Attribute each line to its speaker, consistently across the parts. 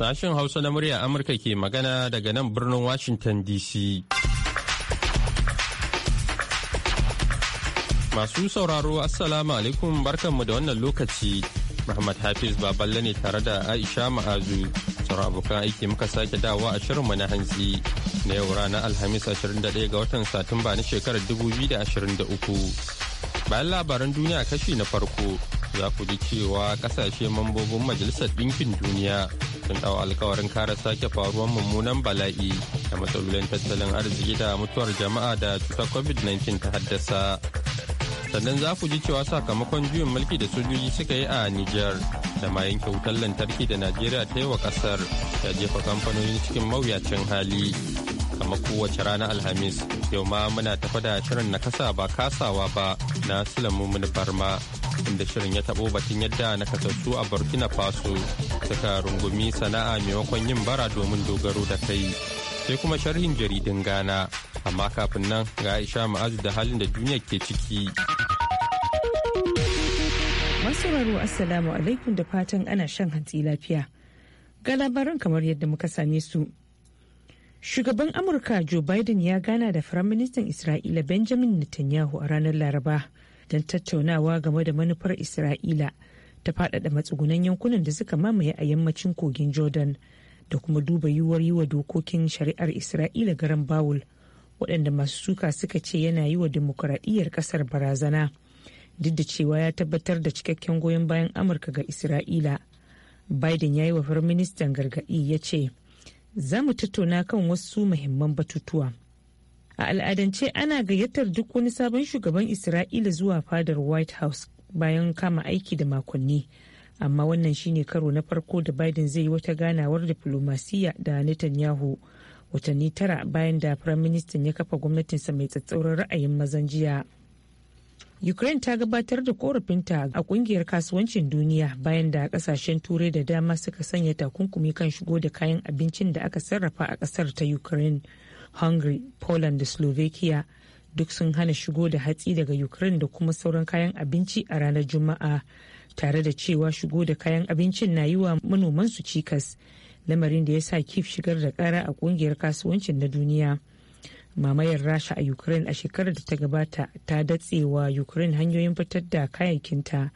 Speaker 1: Sashen Hausa na murya Amurka ke magana daga nan birnin Washington DC. Masu sauraro Assalamu alaikum barkanmu da wannan lokaci. Muhammad Hafiz Baballe ne tare da Aisha Ma'azu. Sauran abokan aiki muka sake dawa a shirinmu na hantsi. Na yau ranar Alhamis 21 ga watan Satumba na shekarar 2023. Bayan labaran duniya kashi na farko. za ku ji cewa kasashe mambobin majalisar ɗinkin duniya sun ɗau alkawarin kare sake faruwar mummunan bala'i da matsalolin tattalin arziki da mutuwar jama'a da cutar covid-19 ta haddasa sannan za ku ji cewa sakamakon juyin mulki da sojoji suka yi a niger da ma yanke wutar lantarki da najeriya ta yi wa kasar ya jefa kamfanoni cikin mawuyacin hali kama kowace rana alhamis yau ma muna tafa da shirin na kasa ba kasawa ba na sulamu farma inda shirin ya taɓo batun yadda nakasassu a burkina faso suka rungumi sana'a maimakon yin bara domin dogaro da kai sai kuma sharhin jaridin ghana amma kafin nan ga aisha ma'azu da halin da duniya ke ciki
Speaker 2: masu raro assalamu alaikum da fatan ana shan hantsi lafiya ga labaran kamar yadda muka same su Shugaban Amurka Joe Biden ya gana da Firaministan Isra'ila Benjamin Netanyahu a ranar Laraba don tattaunawa game da manufar Isra'ila ta faɗaɗa matsugunan yankunan da suka mamaye a yammacin kogin Jordan da kuma duba yiwuwar yi wa dokokin shari'ar Isra'ila garan bawul waɗanda masu suka suka ce yana yi wa dimokuraɗiyyar ƙasar barazana duk da cewa ya tabbatar da cikakken goyon bayan Amurka ga Isra'ila. Biden ya yi wa Firministan gargaɗi ya ce, Za mu tattauna kan wasu muhimman batutuwa. al'adance ana gayyatar duk wani sabon shugaban Isra'ila zuwa fadar White House bayan kama aiki da makonni. Amma wannan shine karo na farko da Biden zai yi wata ganawar diflomasiyya da Netanyahu watanni tara bayan da Firaministan ya kafa gwamnatinsa mai tsatsauran ra'ayin mazan jiya. Ukraine ta gabatar da korafinta a kungiyar kasuwancin duniya bayan da kasashen turai da dama suka sanya takunkumi kan shigo da kayan abincin da aka sarrafa a kasar ta Ukraine. hungary poland da slovakia duk sun hana shigo da hatsi daga ukraine da kuma sauran kayan abinci a ranar juma'a tare da cewa shigo da kayan abincin na yi wa manomansu cikas lamarin da ya sa kif shigar da kara a kungiyar kasuwancin na duniya mamayar rasha a ukraine a shekarar da ta gabata ta datsewa ukraine hanyoyin fitar da kayayyakinta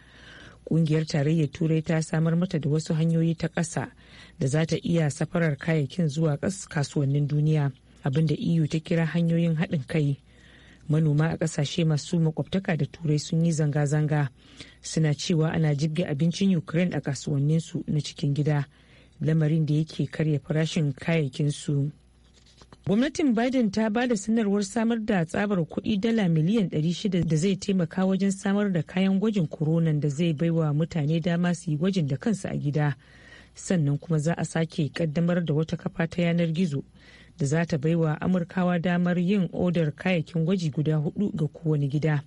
Speaker 2: kungiyar tarayyar turai ta samar mata da wasu hanyoyi ta ƙasa da za ta iya safarar kayayyakin zuwa kasuwannin duniya abin da eu ta kira hanyoyin haɗin kai manoma a ƙasashe masu makwabtaka da turai sun yi zanga-zanga suna cewa ana jirge abincin ukraine a kasuwannin su na cikin gida lamarin da yake karya farashin kayayyakin su. gwamnatin biden ta ba da sanarwar samar da tsabar kuɗi dala miliyan 600 da zai taimaka wajen samar da kayan gwajin koronan da zai baiwa mutane dama su yi gwajin da kansu a gida sannan kuma za a sake ƙaddamar da wata kafa ta yanar gizo da za ta baiwa amurkawa damar yin odar kayakin gwaji guda hudu ga kowane gida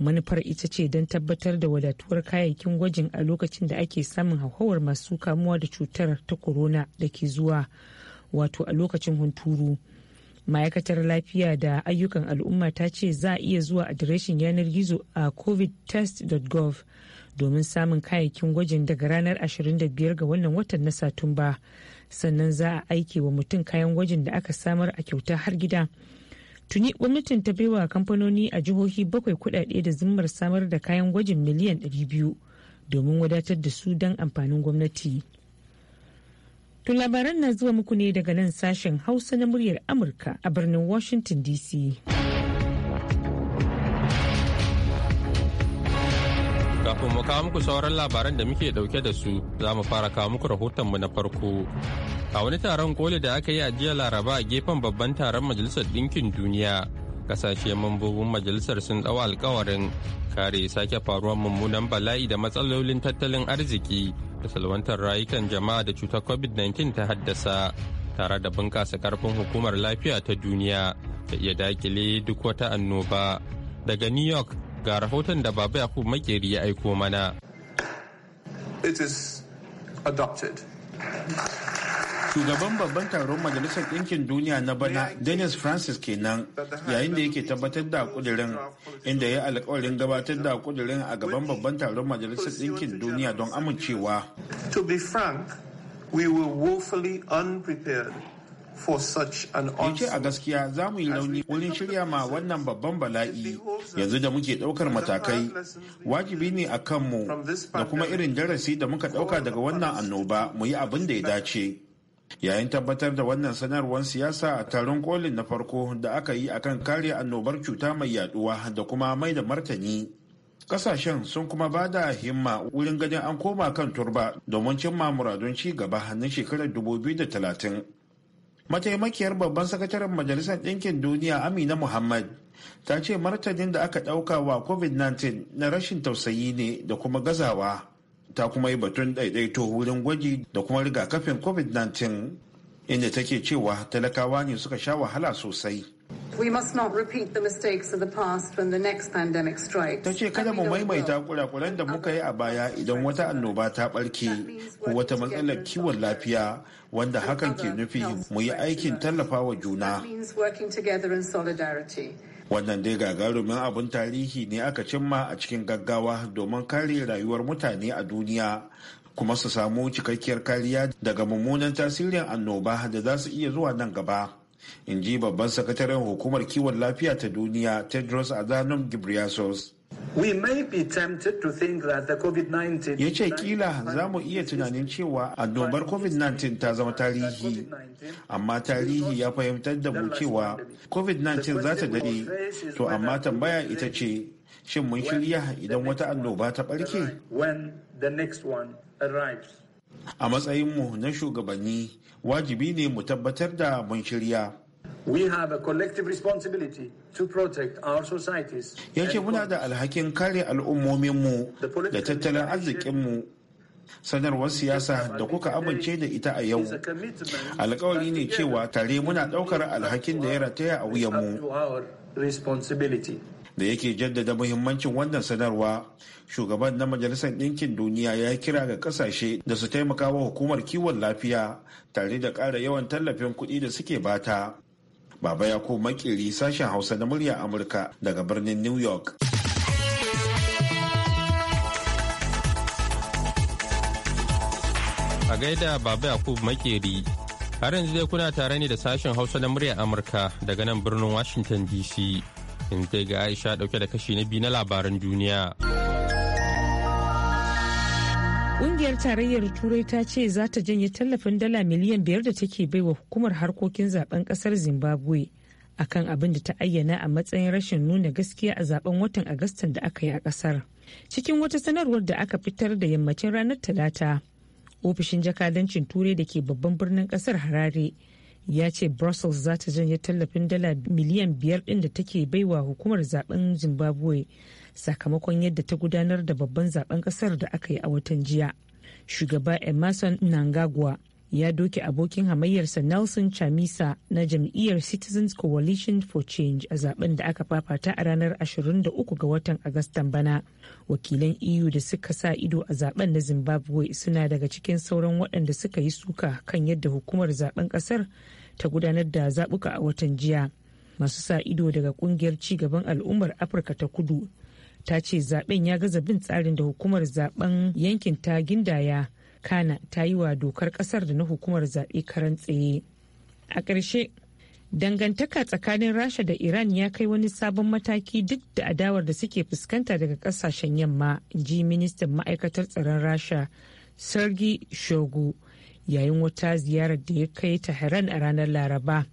Speaker 2: manufar ita ce don tabbatar da wadatuwar kayayyakin gwajin a lokacin da ake samun hauhawar masu kamuwa da cutar ta corona da ke zuwa wato a lokacin hunturu ma'aikatar lafiya da ayyukan al'umma ta ce za a iya zuwa adireshin yanar gizo a covidtest.gov domin samun kayayyakin gwajin daga ranar 25 ga wannan watan na satumba sannan za a aiki wa mutum kayan gwajin da aka samar a kyauta har gida tuni gwamnatin ta baiwa kamfanoni a jihohi bakwai kudade da zimmar samar da kayan gwajin miliyan 200 domin wadatar da su don amfanin gwamnati tun labaran na zuwa muku ne daga nan sashen hausa na muryar amurka a birnin washington dc
Speaker 1: Kafin mu kawo muku sauran labaran da muke dauke da su za mu fara kawo muku rahotonmu na farko. A wani taron koli da aka yi a jiya Laraba a gefen babban taron Majalisar Ɗinkin Duniya, kasashe mambobin majalisar sun ɗau alkawarin kare sake faruwar mummunan bala'i da matsalolin tattalin arziki da salwantar rayukan jama'a da cutar covid-19 ta haddasa tare da bunƙasa karfin hukumar lafiya ta duniya da iya dakile duk wata annoba daga new york ga rahoton da baba yakub makeri ya aiko mana it is adopted
Speaker 3: shugaban babban taron majalisar ɗinkin duniya na bana dennis francis kenan yayin da yake tabbatar da kudirin inda ya alkawarin gabatar da kudirin a gaban babban taron majalisar ɗinkin duniya don amincewa to be frank we were woefully unprepared for such yace a gaskiya za mu yi rauni wurin shirya ma wannan babban bala'i yanzu da muke ɗaukar matakai wajibi ne a kanmu da kuma irin darasi da muka ɗauka daga wannan annoba mu yi abin da ya dace yayin tabbatar da wannan sanarwar siyasa a taron kolin na farko da aka yi akan kare annobar cuta mai yaduwa da kuma mai da martani kasashen sun kuma ba da himma wurin ganin an koma kan turba domin cimma muradun ci gaba na shekarar 2030 mataimakiyar babban sakataren majalisar ɗinkin duniya amina muhammad ta ce martanin da aka ɗauka wa covid-19 na rashin tausayi ne da kuma gazawa ta kuma yi batun ɗaiɗaito wurin gwaji da kuma rigakafin covid-19 inda take cewa talakawa ne suka sha wahala sosai
Speaker 2: We must not repeat the mistakes of the past when the next pandemic strikes. Ta ce kada mu maimaita
Speaker 3: kurakuran da muka yi a baya idan wata annoba ta barke ko wata matsalar kiwon lafiya wanda hakan ke nufi mu yi aikin tallafawa juna. Wannan dai gagarumin abin tarihi ne aka cimma a cikin gaggawa domin kare rayuwar mutane a duniya kuma su samu cikakkiyar kariya daga mummunan tasirin annoba da za su iya zuwa nan gaba. in ji babban sakataren hukumar kiwon lafiya ta duniya tedros adhanom ghebreyesus ya ce kila za mu iya tunanin cewa annobar covid-19 ta zama tarihi amma tarihi ya fahimtar da mu cewa covid-19 za ta dade to amma tambaya ita ce shin mun shirya idan wata annoba ta barke a matsayinmu na shugabanni wajibi ne mu tabbatar da mun shirya We have a collective responsibility to protect our societies. Ya ce muna da alhakin kare al'ummominmu da tattalin arzikinmu sanarwar siyasa da kuka amince da ita a yau alkawari ne cewa tare muna daukar alhakin da ya rataya a wuyanmu da yake jaddada muhimmancin wannan sanarwa shugaban na majalisar ɗinkin duniya ya kira ga ƙasashe da su taimaka wa hukumar kiwon lafiya tare da ƙara yawan tallafin kuɗi da suke bata baba ya ko makiri sashen hausa na murya amurka daga birnin new york
Speaker 1: a gaida baba yakub makeri har yanzu dai kuna tare ne da sashen hausa na murya amurka daga nan birnin washington dc in kai ga aisha dauke da kashi na biyu na labaran duniya
Speaker 2: Ƙungiyar Tarayyar Turai ta ce za ta janye tallafin dala miliyan biyar da take baiwa hukumar harkokin zaben ƙasar Zimbabwe akan abin da ta ayyana a matsayin rashin nuna gaskiya a zaben watan Agustan da aka yi a ƙasar. Cikin wata sanarwar da aka fitar da yammacin ranar Talata, ofishin jakadancin Turai da ke babban birnin ƙasar Harare ya ce brussels za ta janye tallafin dala miliyan biyar ɗin da take baiwa hukumar zaben zimbabwe sakamakon yadda ta gudanar da babban zaben ƙasar da aka yi a watan jiya shugaba emerson nangagwa ya doke abokin hamayyarsa nelson chamisa na jam'iyyar citizens coalition for change a zaben da aka fafata a ranar 23 ga watan agustan bana wakilan eu da suka sa ido a zaben na zimbabwe suna daga cikin sauran waɗanda suka yi suka kan yadda hukumar zaben ƙasar ta gudanar da zaɓuka a watan jiya masu sa ido daga kungiyar cigaban al'ummar afirka ta kudu ta ce zaben ya gaza bin tsarin da hukumar zaben yankin ta gindaya kana ta yi wa dokar ƙasar da na hukumar zaɓe karan tsaye a ƙarshe dangantaka tsakanin rasha da iran ya kai wani sabon mataki duk da adawar da suke fuskanta daga ƙasashen yamma ji ministan ma'aikatar tsaron rasha sergi shogu yayin wata ziyarar da ya kai Tehran a ranar Laraba.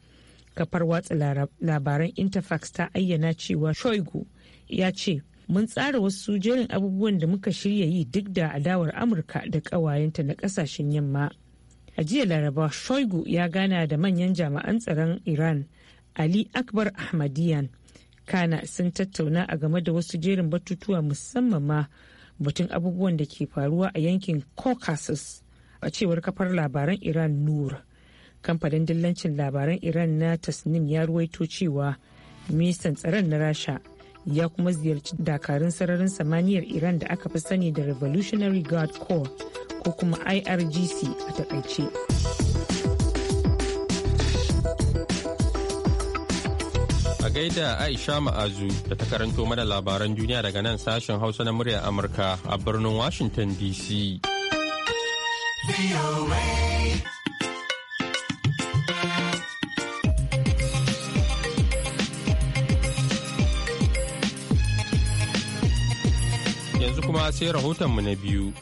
Speaker 2: Kafar watsa labaran Interfax ta ayyana cewa Shoigu ya ce, Mun tsara wasu jerin abubuwan da muka shirya yi duk da adawar Amurka da kawayenta na kasashen yamma. A jiya Laraba, Shoigu ya gana da manyan jami'an tsaron Iran, Ali Akbar Ahmadiyan. Kana sun tattauna a game da wasu jerin batutuwa musamman ma batun abubuwan da ke faruwa a yankin Caucasus a cewar kafar labaran iran nur kamfanin dillancin labaran iran na tasnim ya ruwaito cewa ministan tsaron na rasha ya kuma ziyarci dakarun sararin samaniyar iran da aka fi sani da revolutionary guard corps ko kuma irgc a takaice
Speaker 1: a gaida aisha ma'azu da ta karanto mana labaran duniya daga nan sashen hausa na muryar amurka a birnin washington dc Yanzu kuma sai rahotonmu na biyu.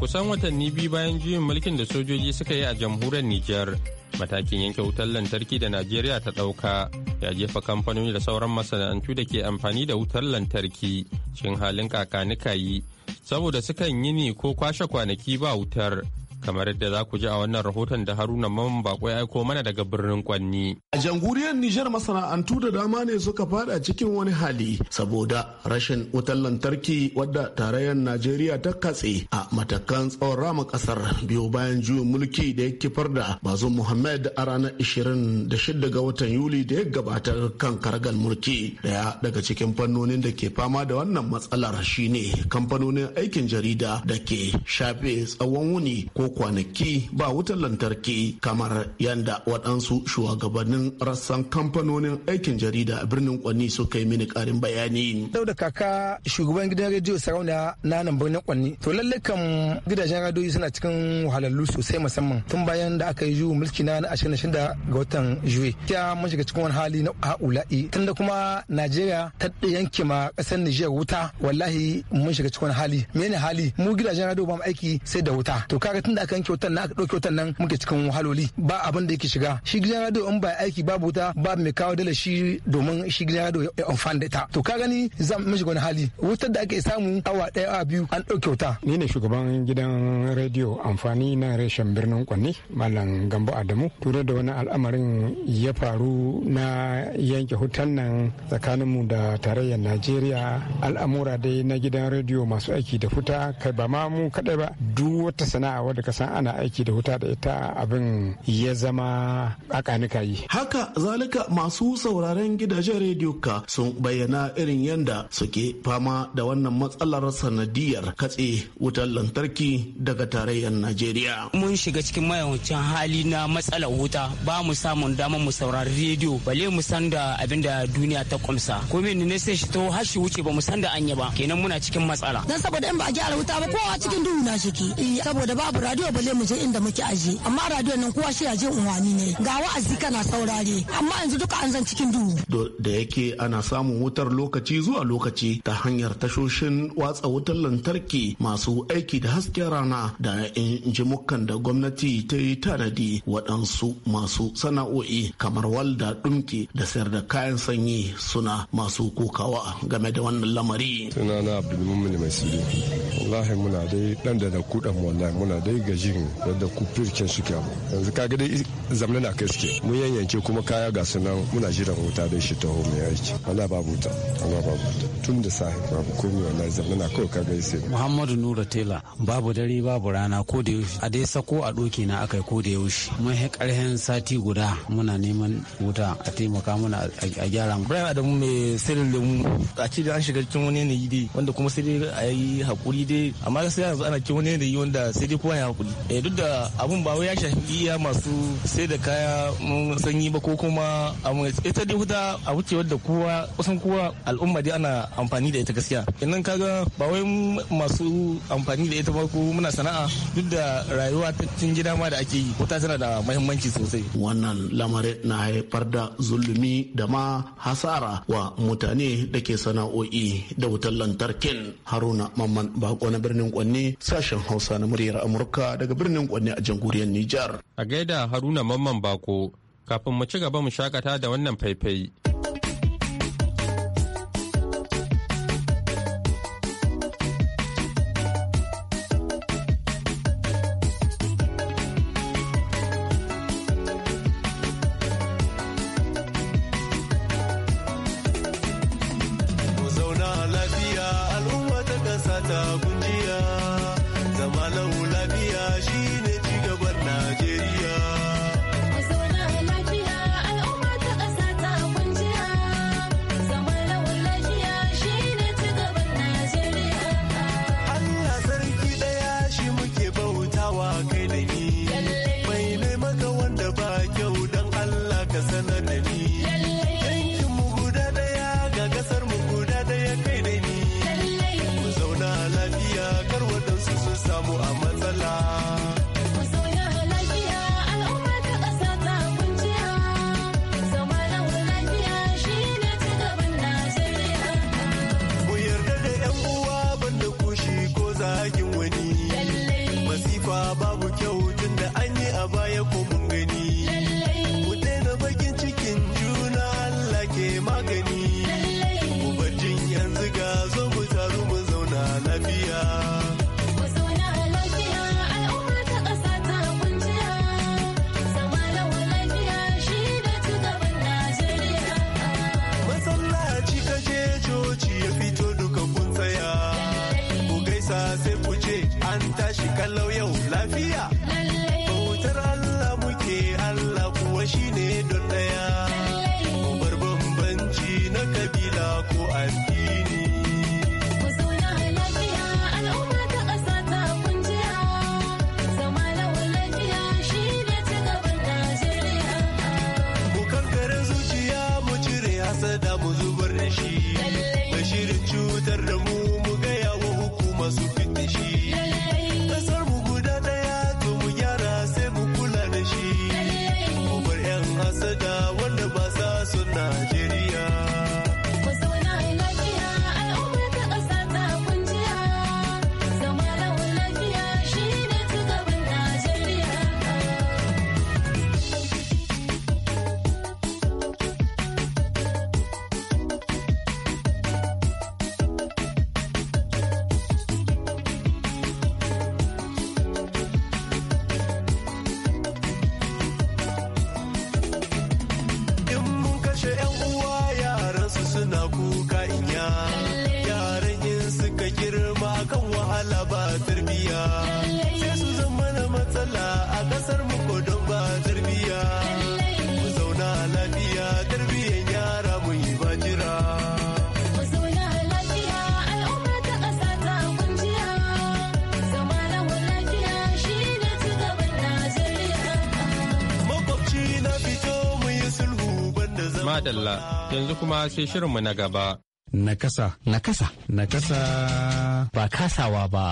Speaker 1: Kusan watanni biyu bayan juyin mulkin da sojoji suka yi a jamhuriyar Nijar, matakin yanke wutar lantarki da Najeriya ta ɗauka ya jefa kamfanoni da sauran masana'antu da ke amfani da wutar lantarki cikin halin kakanikayi saboda sukan yi ne ko kwashe kwanaki ba wutar. kamar yadda za ku ji a wannan rahoton da haruna man bako ya aiko mana daga birnin kwanni
Speaker 4: a jamhuriyar nijar masana'antu da dama ne suka fada cikin wani hali saboda rashin wutar lantarki wadda tarayyar najeriya ta katse a matakan tsawon rama kasar biyu bayan juyin mulki da ya kifar da bazum muhammad a ranar 26 ga watan yuli da ya gabatar kan kargal mulki daya daga cikin fannonin da ke fama da wannan matsalar shine kamfanonin aikin jarida da ke shafe tsawon wuni ko kwanaki ba wutar lantarki kamar yadda waɗansu shugabannin rassan kamfanonin aikin jarida a birnin Kwanni suka yi mini ƙarin bayani.
Speaker 5: Dauda kaka shugaban gidan rediyo sarauna na nan birnin Kwanni. To lalle kan gidajen radiyo suna cikin wahalallu sosai musamman tun bayan da aka yi juyin mulki na da ga watan Juye. Ya mun shiga cikin wani hali na ha'ula'i tun da kuma Najeriya ta yanke ma ƙasar Nijar wuta wallahi mun shiga cikin wani hali. Mene hali mu gidajen radiyo ba mu aiki sai da wuta. To kaga tun da aka yanke wutan na aka ɗauke wutan nan muke cikin wahaloli ba abin da yake shiga shi gidan radio in ba aiki babu wuta ba mai kawo dala shi domin shi gidan radio ya amfani da ita to ka gani zan mishi wani hali
Speaker 6: wutar da ake samu awa ɗaya awa biyu an ɗauke wuta. ni ne shugaban gidan radio amfani na reshen birnin kwanni malam gambo adamu tura da wani al'amarin ya faru na yanke hutan nan tsakanin mu da tarayyar najeriya al'amura dai na gidan radio masu aiki da futa kai ba ma mu kaɗai ba duk wata sana'a wadda aka san ana aiki da wuta da ita abin ya zama akanika yi
Speaker 4: haka zalika masu sauraren gidajen rediyo ka sun bayyana irin yadda suke fama da wannan matsalar sanadiyar katse wutar lantarki daga tarayyar najeriya
Speaker 5: mun shiga cikin mayawancin hali na matsalar wuta ba mu samun damar mu saurari rediyo bale mu san da abin da duniya ta kwamsa ko ne sai shi to har wuce ba mu san da anya ba kenan muna cikin matsala dan saboda in ba a
Speaker 2: gyara wuta ba kowa cikin duhu na shiki eh, saboda babu radio radio bale mu je inda muke aje amma radio nan kowa shi aje unwani ne ga wa'azi kana saurare amma yanzu duka an zan cikin duhu
Speaker 4: da yake ana samun wutar lokaci zuwa lokaci ta hanyar tashoshin watsa wutar lantarki masu aiki da hasken rana da injimukan da gwamnati ta yi tanadi waɗansu masu sana'o'i kamar walda ɗumki da sayar da kayan sanyi suna masu kokawa game da wannan lamari sunana abdulmumin mai
Speaker 7: wallahi muna dai dan da na wallahi muna dai ga jin yadda kufirkin suke abu yanzu ka dai zamna na kai suke mun yanyanke kuma kaya ga sunan muna jiran wuta da shi home ya yake wala babu wuta wala babu wuta tun da sahi babu komai wala zamna na kawai ka gaisi.
Speaker 6: muhammadu nura tela babu dare babu rana ko da yaushe a dai sako a doki na akai ko da yaushe mun hi karhen sati guda muna neman wuta a taimaka mana a gyara mu bayan
Speaker 5: adamu mai sirrin lemu a ce da an shiga cikin wani yanayi dai wanda kuma sai dai a yi hakuri dai amma sai yanzu ana cikin wani yanayi wanda sai dai kowa ya kuɗi eh, duk da abun ba wai ya shafi iya masu sai da kaya mun sanyi ba ko kuma ita dai huta a wuce wadda kowa kusan kowa al'umma dai ana amfani da ita gaskiya idan kaga ba wai masu
Speaker 4: amfani da ita ba ko muna sana'a duk da rayuwa ta cikin gida ma da ake yi wuta tana da mahimmanci sosai wannan lamarin na haifar da zulumi da ma hasara wa mutane da ke sana'o'i da wutar lantarkin haruna mamman bako na birnin kwanne sashen hausa na muryar amurka haka daga birnin Kwanne a jamhuriyar Nijar.
Speaker 1: A gaida Haruna Mamman Bako, kafin mu ci gaba mu shakata da wannan faifai. Dalla yanzu kuma sai shirinmu na gaba.
Speaker 5: Nakasa. Nakasa. Nakasa. Ba kasawa ba.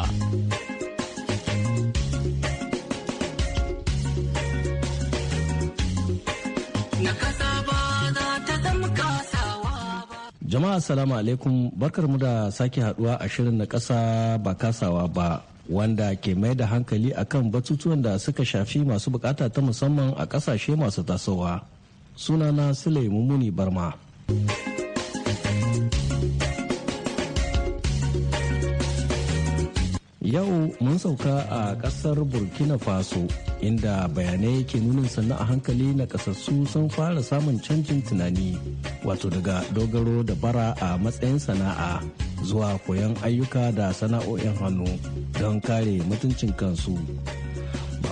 Speaker 7: Jama'a salamu alaikum mu da sake haduwa a shirin na kasa ba kasawa ba wanda ke mai da hankali akan batutuwan da suka shafi masu bukata ta musamman a kasashe masu tasowa. sunana sule muni barma yau mun sauka a kasar burkina faso inda bayanai ke nunin sannu a hankali na kasassu sun fara samun canjin tunani wato daga dogaro da bara a matsayin sana'a zuwa koyon ayyuka da sana'o'in hannu don kare mutuncin kansu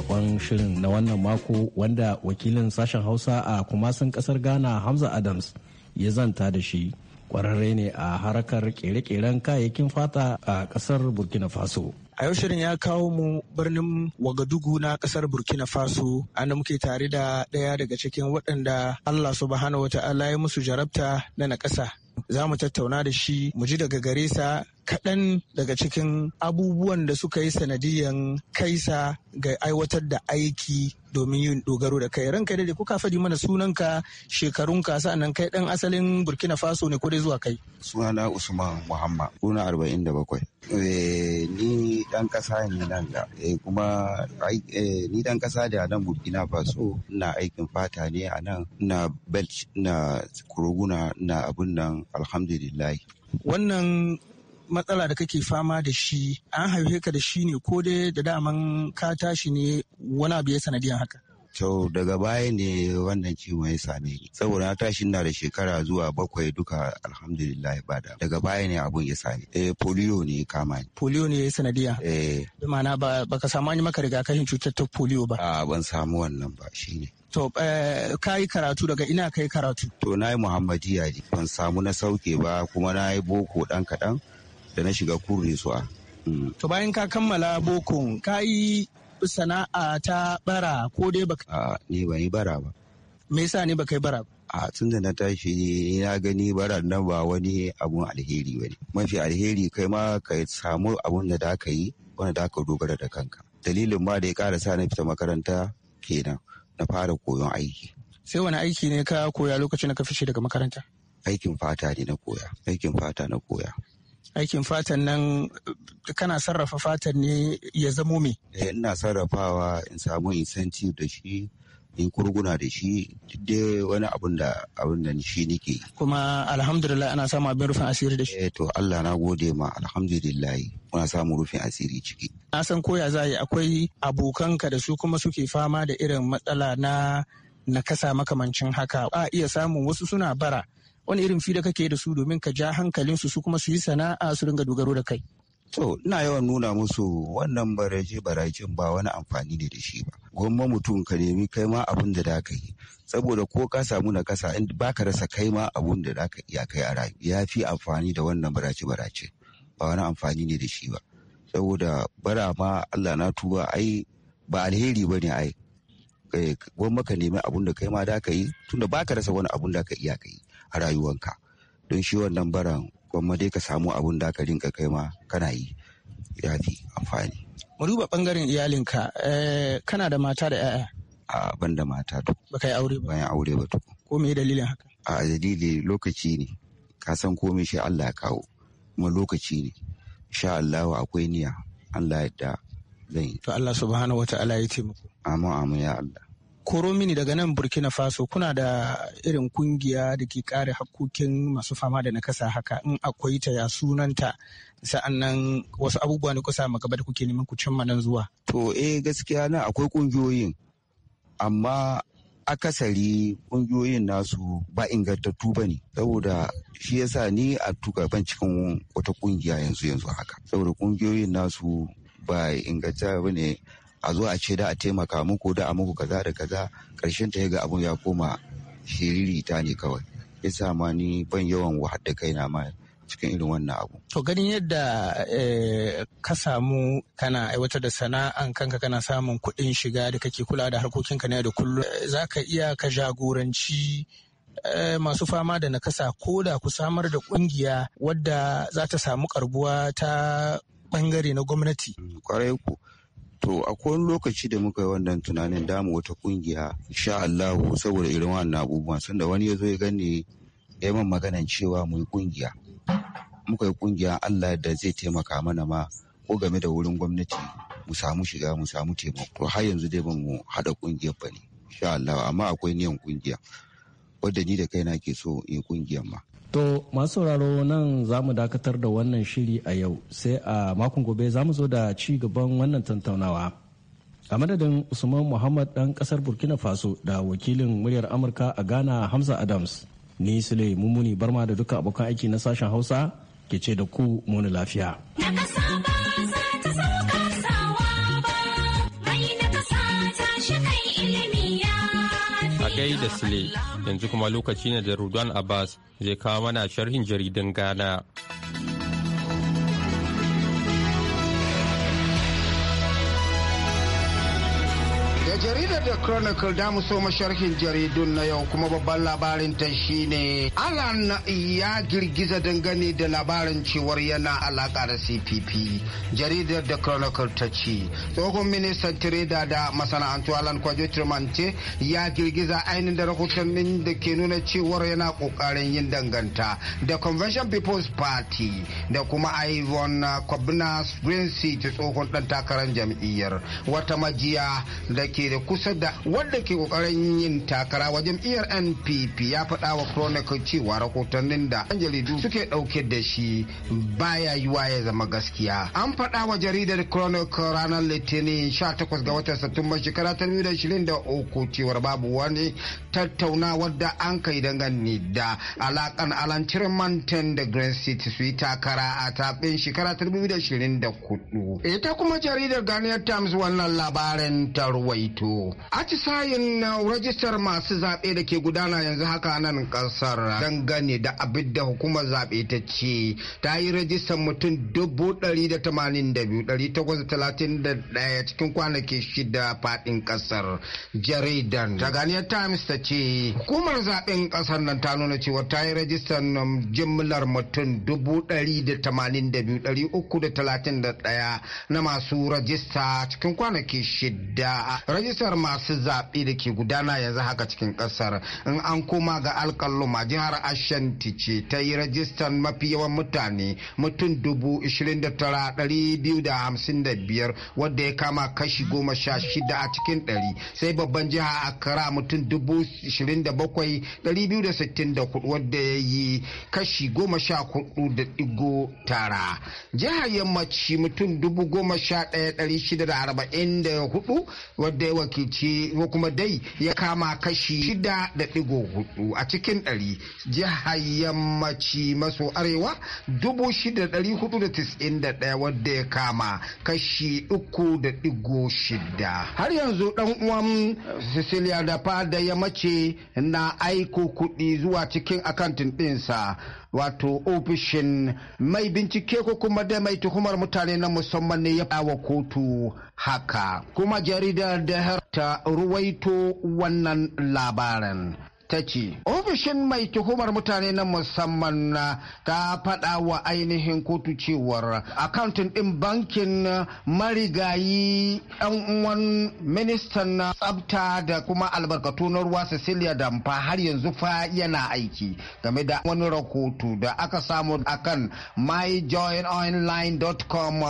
Speaker 7: sakon shirin na wannan mako wanda wakilin sashen hausa a kumasin kasar ghana hamza adams ya zanta da shi kwararre ne a harakar kere-keren kayayyakin fata a kasar burkina faso
Speaker 5: A yau shirin ya kawo mu birnin Wagadugu na kasar Burkina Faso, ana muke tare da ɗaya daga cikin waɗanda Allah subhanahu wa ta'ala ya musu jarabta da na ƙasa. Za mu tattauna da shi, mu ji daga gare sa kaɗan daga cikin abubuwan da suka yi sanadiyan kaisa ga aiwatar da aiki domin yin dogaro da kai ranka ko kuka faɗi mana sunanka shekarunka sa'annan kai ɗan asalin burkina faso
Speaker 8: ne ko dai zuwa kai sunana usman muhammad kuna arba'in da eh, ni dan kasa ne nan ga eh, kuma eh, ni ɗan ƙasa da nan burkina faso na aikin fata ne a nan na belch na kuruguna na abun nan alhamdulillah
Speaker 5: wannan matsala da kake fama da shi an haife ka da shi ne ko dai da daman ka tashi ne wani abu ya sanadiyan haka
Speaker 8: to daga baya ne wannan ciwon ya same ni saboda na tashi na da shekara zuwa bakwai duka alhamdulillah ba da daga baya ne abun ya same eh polio ne kama ni
Speaker 5: polio ne ya sanadiya eh bi ma'ana ba baka samu an yi maka rigakafin cutar ta polio ba
Speaker 8: a ban samu wannan ba shine to
Speaker 5: eh, ka yi karatu daga ina kai karatu
Speaker 8: to na yi muhammadiya ban samu na sauke ba kuma na yi boko dan kaɗan da na shiga kurri su a. Mm. To bayan
Speaker 5: ka kammala bokon ka yi sana'a ta bara ko dai baka. ka.
Speaker 8: ni ba ni bara ba. Me yasa ne baka yi bara ba? a tun da na tashi na gani bara nan ba wani abun alheri ba ne mafi alheri kai ma ka samu abun da da ka yi wanda da ka dogara da kanka dalilin ma da ya kara sa na fita makaranta kenan na fara koyon aiki
Speaker 5: sai wani aiki ne ka koya lokacin da ka fice daga makaranta
Speaker 8: aikin fata ne na koya aikin fata na koya
Speaker 5: aikin fatan nan kana sarrafa fatan ne ya zamo me
Speaker 8: eh, ina sarrafawa in samu incentive da shi in kurguna da shi dai wani abun da abun da shi nike kuma alhamdulillah ana samu abin rufin asiri da shi eh to Allah na gode ma alhamdulillah muna samu rufin asiri ciki
Speaker 5: na san koya za yi akwai abokanka da su kuma suke fama da irin matsala na na kasa makamancin haka a iya samun wasu suna bara wani irin da kake
Speaker 8: da su domin ka ja hankalin su su kuma su yi sana'a su ringa dogaro da kai to ina yawan nuna musu wannan baraje barajin ba wani amfani ne da shi ba gwamma mutum ka nemi kai ma abin da da yi saboda ko ka samu na kasa in ba ka rasa kai ma abin da da iya kai a rayu ya fi amfani da wannan barace barace ba wani amfani ne da shi ba saboda bara ma Allah na tuba ai ba alheri ba ne ai eh, gwamma ka nemi abin da kai ma da ka yi tunda ba ka rasa wani abin da ka iya ka yi a rayuwanka don shi wannan baran kuma dai ka samu abun da ka rinka kai ma kana yi ya fi amfani.
Speaker 5: mu duba bangaren iyalinka eh, kana da mata da 'ya'ya
Speaker 8: a ban da mata to baka yi aure ba bayan aure ba to
Speaker 5: ko me dalilin haka
Speaker 8: a dalilin lokaci ne ka san komai shi Allah ya kawo kuma lokaci ne sha Allah akwai niyya Allah ya da zan yi to Allah subhanahu ta'ala ya taimako amin amin ya Allah koro
Speaker 5: mini daga nan burkina faso kuna da irin kungiya da ke kare hakkokin masu fama da nakasa haka in akwai ta ya sunanta sa'annan wasu abubuwa ne kusa maka da kuke neman ku cimma nan zuwa
Speaker 8: to eh gaskiya na akwai kungiyoyin amma akasari kungiyoyin nasu ba ingantattu ba ne saboda shi yasa ni a tuka ban cikin wata kungiya yanzu yanzu haka saboda kungiyoyin nasu ba inganta ba ne a zo a ce da a taimaka muku da a muku kaza da kaza karshen ta ga abun ya koma ta ne kawai Ya sa ma ni ban yawan wahar da na ma cikin irin wannan abu.
Speaker 5: To ganin yadda eh, ka samu kana aiwatar da sana'an kanka kana samun kuɗin shiga da kake kula da harkokinka na da kullum eh, za ka iya ka jagoranci eh, masu fama da nakasa ko da ku samar da ƙungiya wadda za ta samu karbuwa ta bangare na gwamnati.
Speaker 8: Kwarai ku To akwai wani lokaci da muka yi wannan tunanin damu wata kungiya sha Allahu saboda irin wannan abubuwan sanda wani ya zo ya gani ya yi maganan cewa mu yi kungiya. Muka yi kungiya Allah da zai taimaka mana ma ko game da wurin gwamnati mu samu shiga mu samu taimako. To har yanzu dai ban mu haɗa kungiyar ba ne. Sha Allahu amma akwai niyan kungiya. Wadda ni da kaina ke so in kungiyar ma.
Speaker 7: To masu sauraro nan za mu dakatar da wannan shiri a yau sai a makon gobe za mu zo da ci gaban wannan tattaunawa. A madadin Usman Muhammad ɗan ƙasar Burkina Faso da wakilin muryar Amurka a Ghana Hamza Adams. Ni Sule Mumuni Barma da duka abokan aiki na sashen Hausa ke ce da ku muni lafiya.
Speaker 1: gai da sile yanzu kuma lokaci ne da Rudan Abbas zai kawo mana sharhin jaridan Ghana.
Speaker 6: Da jaridar da Chronicle da mu so masharhin jaridun na yau kuma babban labarin ta shine Alan ya girgiza dangane da labarin cewar yana alaka da CPP. Jaridar da Chronicle ta ce tsohon ministan tireda da masana'antu Alan Kwajo Trimante ya girgiza ainihin da rahotannin da ke nuna cewar yana kokarin yin danganta da Convention People's Party da kuma Ivon Kwabna Spring ta tsohon dan takarar jam'iyyar wata majiya da ke da kusa da wadda ke kokarin yin takara wajen jam'iyyar npp ya faɗa wa chronicle cewa rahotannin da an jaridu suke ɗauke da shi baya yiwa ya zama gaskiya an faɗa wa jaridar chronicle ranar litinin 18 ga watan satumba shekara ta 2023 cewar babu wani tattaunawar da an kai dangane da alakan alancirin mantan da green city su yi takara a tafin shekara 2024 ita kuma jaridar ghanaian times wannan labarin ta ruwai daidaito. Atisayin na rajistar masu zaɓe da ke gudana yanzu haka nan ƙasar dangane da abin da hukumar zaɓe ta ce ta yi rajistar mutum dubu ɗari da tamanin da biyu ɗari takwas talatin da ɗaya cikin kwanaki shida faɗin ƙasar jaridan. Daganiyar Times ta ce hukumar zaɓen ƙasar nan ta nuna cewa ta yi rajistar jimlar mutum dubu ɗari da tamanin da biyu ɗari uku da talatin da ɗaya na masu rajista cikin kwanaki shida. rajistar masu zaɓe da ke gudana yanzu haka cikin ƙasar in an koma ga ma jihar ashanti ce ta yi rajistar mafi yawan mutane mutum dubu ishirin da tara ɗari biyu da hamsin da biyar wadda ya kama kashi goma sha shida a cikin ɗari sai babban jiha akara mutum dubu ishirin da bakwai ɗari biyu da sittin da hudu wadda ya yi kashi goma sha hudu da ɗigo tara jihar yammaci mutum dubu goma sha ɗaya ɗari shida da arba'in da hudu wadda da ya ko kuma dai ya kama kashi shida da digo hudu a cikin ɗari jihar yammaci maso arewa dubu shida da ɗari hudu da tis'in da ɗaya wadda ya kama kashi uku da digo shida har yanzu dan uwan cecilia da fada ya na aiko kuɗi zuwa cikin akantin ɗinsa wato ofishin mai bincike ko kuma da mai tuhumar mutane na musamman ne ya wa kotu haka kuma jaridar da ta ruwaito wannan labarin ta ce ofishin mai tuhumar mutane na musamman ta faɗa wa ainihin kotu cewar akauntin ɗin bankin marigayi ɗan uwan ministan tsabta da kuma albarkatu na ruwa cecilia damfa har yanzu fa yana aiki game da wani rahoto da aka samu akan myjoinonline.com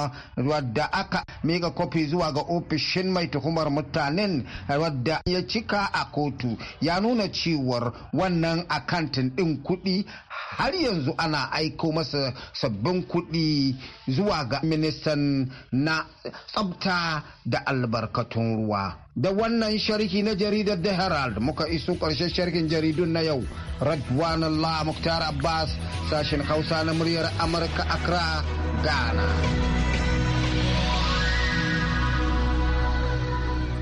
Speaker 6: wadda aka mega kofi zuwa ga ofishin mai tuhumar mutanen wadda ya cika a kotu ya nuna cewa sanarwar wannan akantin ɗin kuɗi har yanzu ana aiko masa sabbin kuɗi zuwa ga ministan na tsabta da albarkatun ruwa. Da wannan sharhi na jaridar The Herald muka iso ƙarshen sharhin jaridun na yau. Radwan Allah Abbas sashen Hausa na muryar Amurka Accra, Ghana.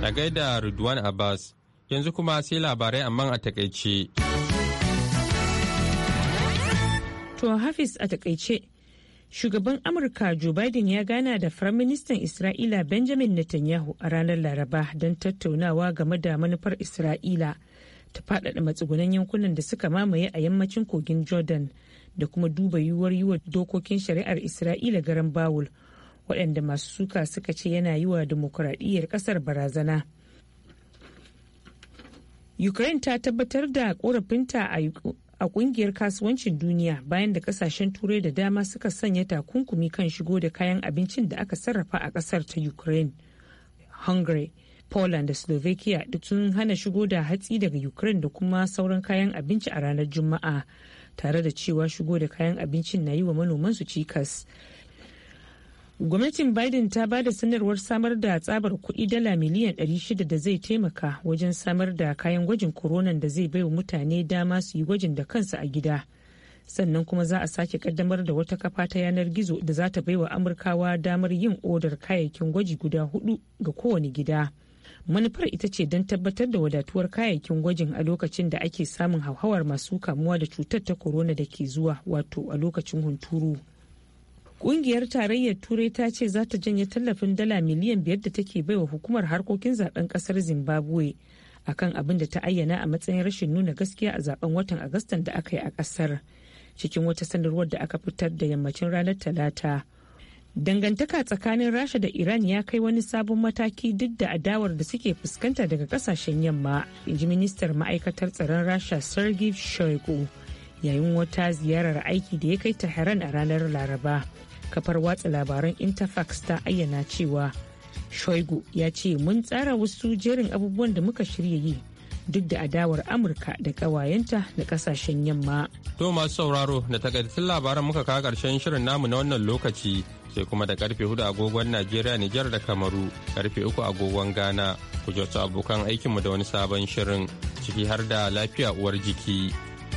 Speaker 1: A gaida Ridwan Abbas yanzu kuma sai labarai amma a takaice.
Speaker 2: To Hafiz a takaice. Shugaban Amurka Joe Biden ya gana da Firaministan Isra'ila Benjamin Netanyahu a ranar Laraba don tattaunawa game da manufar Isra'ila ta faɗaɗa matsugunan yankunan da suka mamaye a yammacin kogin Jordan da kuma duba yiwuwar yiwa dokokin shari'ar Isra'ila garan Bawul waɗanda masu suka suka ce yana yi wa dimokuraɗiyyar ƙasar barazana. ukraine ta tabbatar da korafinta a kungiyar kasuwancin duniya bayan da kasashen turai da dama suka sanya takunkumi kan shigo da kayan abincin da aka sarrafa a kasar ta ukraine hungary poland da slovakia duk sun hana shigo da hatsi daga ukraine da kuma sauran kayan abinci a ranar juma'a tare da cewa shigo da kayan abincin na yi wa manomansu cikas Gwamnatin Biden ta ba da sanarwar samar da tsabar kuɗi dala miliyan 600 da zai taimaka wajen samar da kayan gwajin koronan da zai baiwa mutane dama su yi gwajin da kansu a gida. Sannan kuma za a sake kaddamar da wata kafa ta yanar gizo da za ta baiwa Amurkawa damar yin odar kayayyakin gwaji guda hudu ga kowane gida. Manufar ita ce don tabbatar da wadatuwar kayayyakin gwajin a lokacin da ake samun hauhawar masu kamuwa da cutar ta korona da ke zuwa wato a lokacin hunturu. kungiyar tarayyar Turai ta ce za ta janye tallafin dala miliyan biyar da take baiwa hukumar harkokin zaben kasar Zimbabwe akan abin da ta ayyana a matsayin rashin nuna gaskiya a zaben watan Agustan da aka yi a kasar cikin wata sanarwar da aka fitar da yammacin ranar Talata. Dangantaka tsakanin Rasha da Iran ya kai wani sabon mataki duk da adawar da suke fuskanta daga kasashen yamma, inji ministar ma'aikatar tsaron Rasha Sergei Shoigu yayin wata ziyarar aiki da ya kai Tehran a ranar Laraba. kafar watsa labaran interfax ta ayyana cewa shoigu ya ce mun tsara wasu jerin abubuwan da muka shirya yi duk da adawar amurka da ƙawayenta da kasashen yamma
Speaker 1: to masu sauraro da takaitattun labaran muka kawo ƙarshen shirin namu na wannan lokaci sai kuma da karfe hudu agogon najeriya nijar da kamaru karfe uku agogon ghana ku ji abokan aikinmu da wani sabon shirin ciki har da lafiya uwar jiki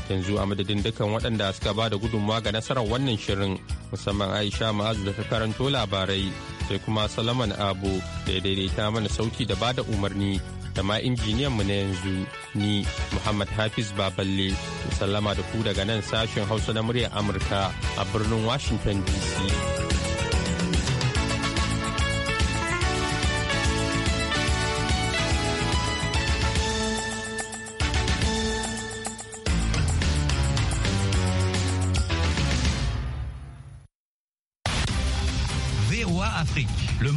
Speaker 1: yanzu a madadin dukkan waɗanda suka ba da gudunmawa ga nasarar wannan shirin musamman aisha ma'azu da ta karanto labarai sai kuma salaman abu da ya daidaita mana sauki da ba da umarni da ma injiniyan mu na yanzu ni muhammad hafiz baballe sallama da ku daga nan sashen hausa na muryar amurka a birnin washington dc